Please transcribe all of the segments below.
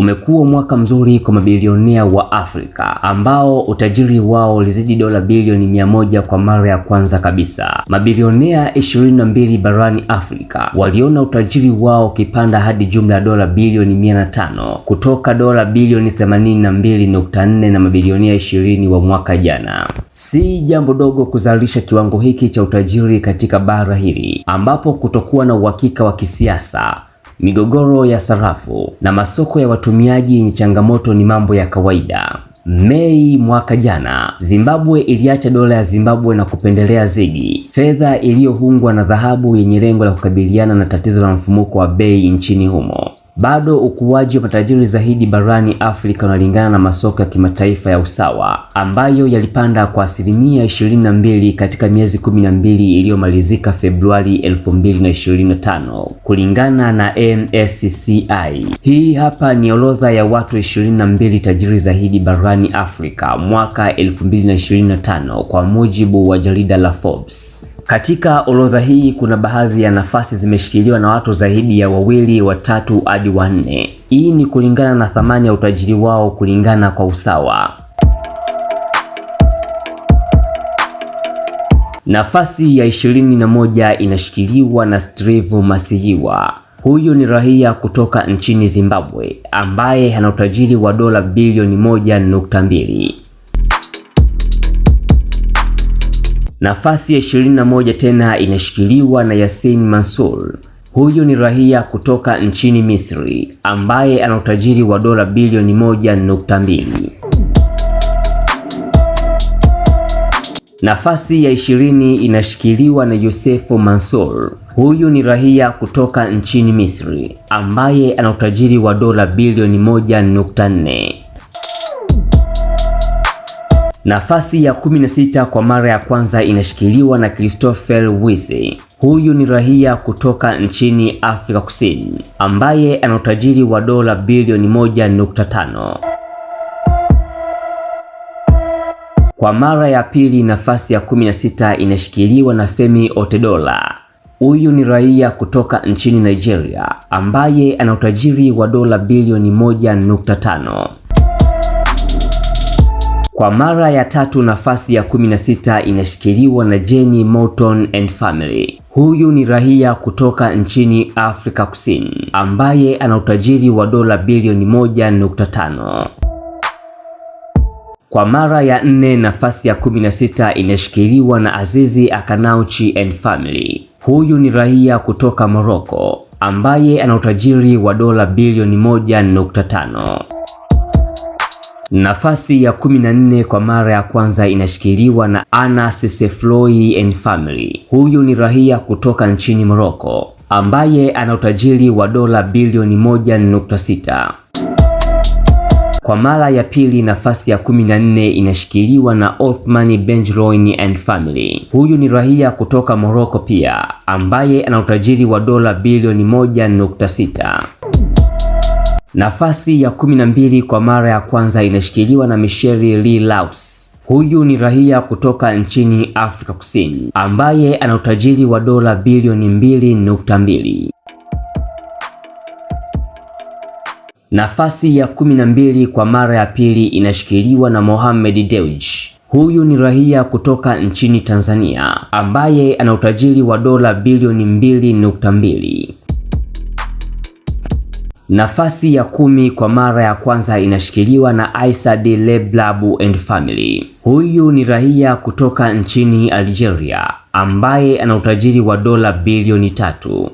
Umekuwa mwaka mzuri kwa mabilionea wa Afrika ambao utajiri wao ulizidi dola bilioni mia moja kwa mara ya kwanza kabisa. Mabilionea 22 barani Afrika waliona utajiri wao ukipanda hadi jumla ya dola bilioni mia tano kutoka dola bilioni 82.4 na mabilionea 20 wa mwaka jana. Si jambo dogo kuzalisha kiwango hiki cha utajiri katika bara hili ambapo kutokuwa na uhakika wa kisiasa migogoro ya sarafu na masoko ya watumiaji yenye changamoto ni mambo ya kawaida. Mei mwaka jana, Zimbabwe iliacha dola ya Zimbabwe na kupendelea zigi, fedha iliyohungwa na dhahabu yenye lengo la kukabiliana na tatizo la mfumuko wa bei nchini humo. Bado ukuaji wa matajiri zaidi barani Afrika unalingana na masoko ya kimataifa ya usawa ambayo yalipanda kwa asilimia 22 katika miezi 12 iliyomalizika Februari 2025 kulingana na MSCI. Hii hapa ni orodha ya watu 22 tajiri zaidi barani Afrika mwaka 2025 kwa mujibu wa jarida la Forbes. Katika orodha hii kuna baadhi ya nafasi zimeshikiliwa na watu zaidi ya wawili, watatu hadi wanne. Hii ni kulingana na thamani ya utajiri wao kulingana kwa usawa. Nafasi ya ishirini na moja inashikiliwa na Steve Masiyiwa. Huyu ni raia kutoka nchini Zimbabwe ambaye ana utajiri wa dola bilioni moja nukta mbili. Nafasi ya 21 tena inashikiliwa na yasin Mansour. Huyu ni raia kutoka nchini Misri ambaye ana utajiri wa dola bilioni mbili. Nafasi ya ishirini inashikiliwa na yusefu Mansour. Huyu ni raia kutoka nchini Misri ambaye ana utajiri wa dola bilioni 1.4. Nafasi ya 16 kwa mara ya kwanza inashikiliwa na Christopher Wise. Huyu ni raia kutoka nchini Afrika Kusini ambaye ana utajiri wa dola bilioni 1.5. Kwa mara ya pili nafasi ya 16 inashikiliwa na Femi Otedola. Huyu ni raia kutoka nchini Nigeria ambaye ana utajiri wa dola bilioni 1.5. Kwa mara ya tatu nafasi ya 16 inashikiliwa na Jenny Morton and family. Huyu ni raia kutoka nchini Afrika Kusini ambaye ana utajiri wa dola bilioni 1.5. Kwa mara ya nne nafasi ya 16 inashikiliwa na Azizi Akanauchi and family. Huyu ni raia kutoka Morocco ambaye ana utajiri wa dola bilioni 1.5. Nafasi ya kumi na nne kwa mara ya kwanza inashikiliwa na Ana Sesefloi and family. Huyu ni raia kutoka nchini Morocco ambaye ana utajiri wa dola bilioni 1.6. Kwa mara ya pili nafasi ya kumi na nne inashikiliwa na Othman Benjeroun and family. Huyu ni raia kutoka Morocco pia ambaye ana utajiri wa dola bilioni 1.6. Nafasi ya kumi na mbili kwa mara ya kwanza inashikiliwa na Michelle lee Laus. Huyu ni raia kutoka nchini Afrika Kusini ambaye ana utajiri wa dola bilioni mbili nukta mbili. Nafasi ya kumi na mbili kwa mara ya pili inashikiliwa na Mohamed Dewji. Huyu ni raia kutoka nchini Tanzania ambaye ana utajiri wa dola bilioni mbili nukta mbili. Nafasi ya kumi kwa mara ya kwanza inashikiliwa na Issad Leblab and family. Huyu ni raia kutoka nchini Algeria ambaye ana utajiri wa dola bilioni tatu.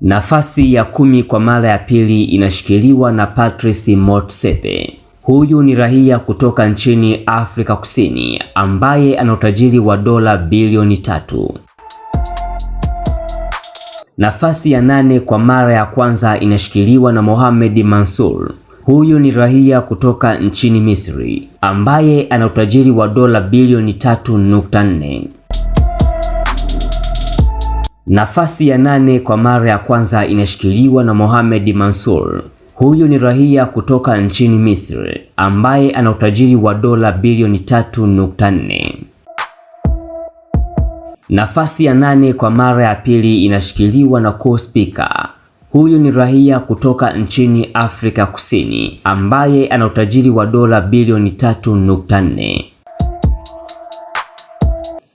Nafasi ya kumi kwa mara ya pili inashikiliwa na Patrice Motsepe. Huyu ni raia kutoka nchini Afrika Kusini ambaye ana utajiri wa dola bilioni tatu. Nafasi ya nane kwa mara ya kwanza inashikiliwa na Mohamed Mansour. Huyu ni raia kutoka nchini Misri ambaye ana utajiri wa dola bilioni 3.4. Nafasi ya nane kwa mara ya kwanza inashikiliwa na Mohamed Mansour. Huyu ni raia kutoka nchini Misri ambaye ana utajiri wa dola bilioni 3.4. Nafasi ya nane kwa mara ya pili inashikiliwa na co-speaker. Huyu ni raia kutoka nchini Afrika Kusini ambaye ana utajiri wa dola bilioni 3.4.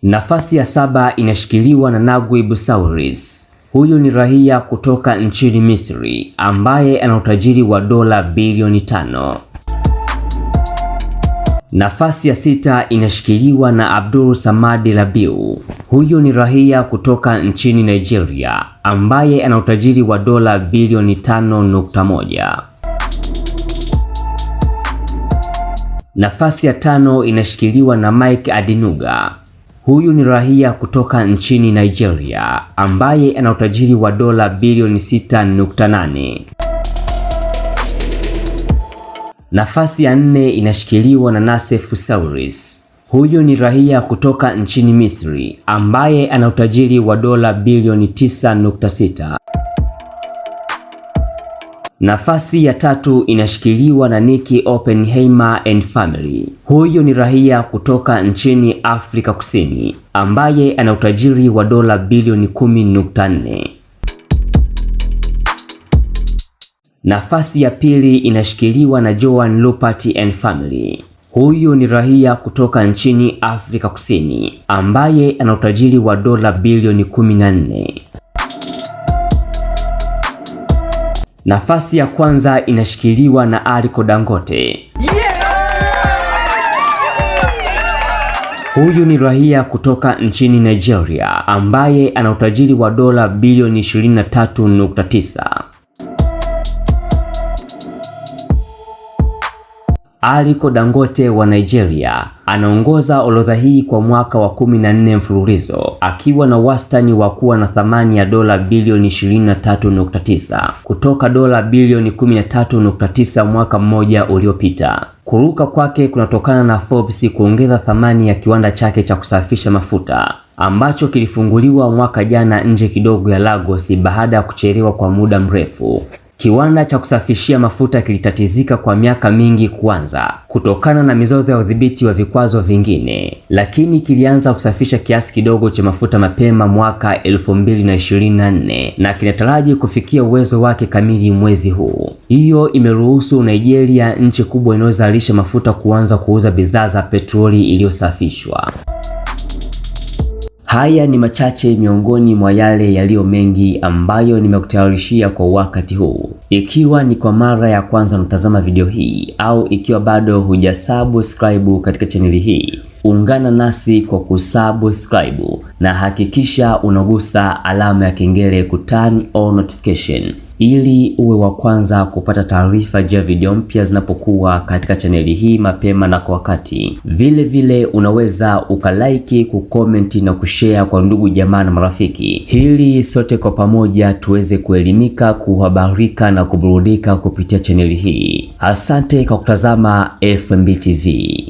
Nafasi ya saba inashikiliwa na Naguib Sawiris. Huyu ni raia kutoka nchini Misri ambaye ana utajiri wa dola bilioni tano. Nafasi ya sita inashikiliwa na Abdul Samad Rabiu. Huyu ni raia kutoka nchini Nigeria ambaye ana utajiri wa dola bilioni 5.1. Nafasi ya tano inashikiliwa na Mike Adinuga. Huyu ni raia kutoka nchini Nigeria ambaye ana utajiri wa dola bilioni 6.8. Nafasi ya nne inashikiliwa na Nasef Sawiris. Huyu ni raia kutoka nchini Misri ambaye ana utajiri wa dola bilioni 9.6. Nafasi ya tatu inashikiliwa na Nikki Oppenheimer and family. Huyu ni raia kutoka nchini Afrika Kusini ambaye ana utajiri wa dola bilioni 10.4. Nafasi ya pili inashikiliwa na Joan Rupert and family. Huyu ni raia kutoka nchini Afrika Kusini ambaye ana utajiri wa dola bilioni 14. Nafasi ya kwanza inashikiliwa na Aliko Dangote. Huyu ni raia kutoka nchini Nigeria ambaye ana utajiri wa dola bilioni 23.9. Aliko Dangote wa Nigeria anaongoza orodha hii kwa mwaka wa 14 mfululizo akiwa na wastani wa kuwa na thamani ya dola bilioni 23.9 kutoka dola bilioni 13.9 mwaka mmoja uliopita. Kuruka kwake kunatokana na Forbes kuongeza thamani ya kiwanda chake cha kusafisha mafuta ambacho kilifunguliwa mwaka jana nje kidogo ya Lagos baada ya kuchelewa kwa muda mrefu. Kiwanda cha kusafishia mafuta kilitatizika kwa miaka mingi kuanza kutokana na mizozo ya udhibiti wa vikwazo vingine, lakini kilianza kusafisha kiasi kidogo cha mafuta mapema mwaka 2024 na kinataraji kufikia uwezo wake kamili mwezi huu. Hiyo imeruhusu Nigeria, nchi kubwa inayozalisha mafuta, kuanza kuuza bidhaa za petroli iliyosafishwa. Haya ni machache miongoni mwa yale yaliyo mengi ambayo nimekutayarishia kwa wakati huu. Ikiwa ni kwa mara ya kwanza unatazama video hii au ikiwa bado hujasubscribe katika chaneli hii, ungana nasi kwa kusubscribe na hakikisha unagusa alama ya kengele ku turn on notification ili uwe wa kwanza kupata taarifa juu ya video mpya zinapokuwa katika chaneli hii mapema na kwa wakati. Vile vile unaweza ukalaiki, kukomenti na kushare kwa ndugu jamaa na marafiki, hili sote kwa pamoja tuweze kuelimika, kuhabarika na kuburudika kupitia chaneli hii. Asante kwa kutazama FMB TV.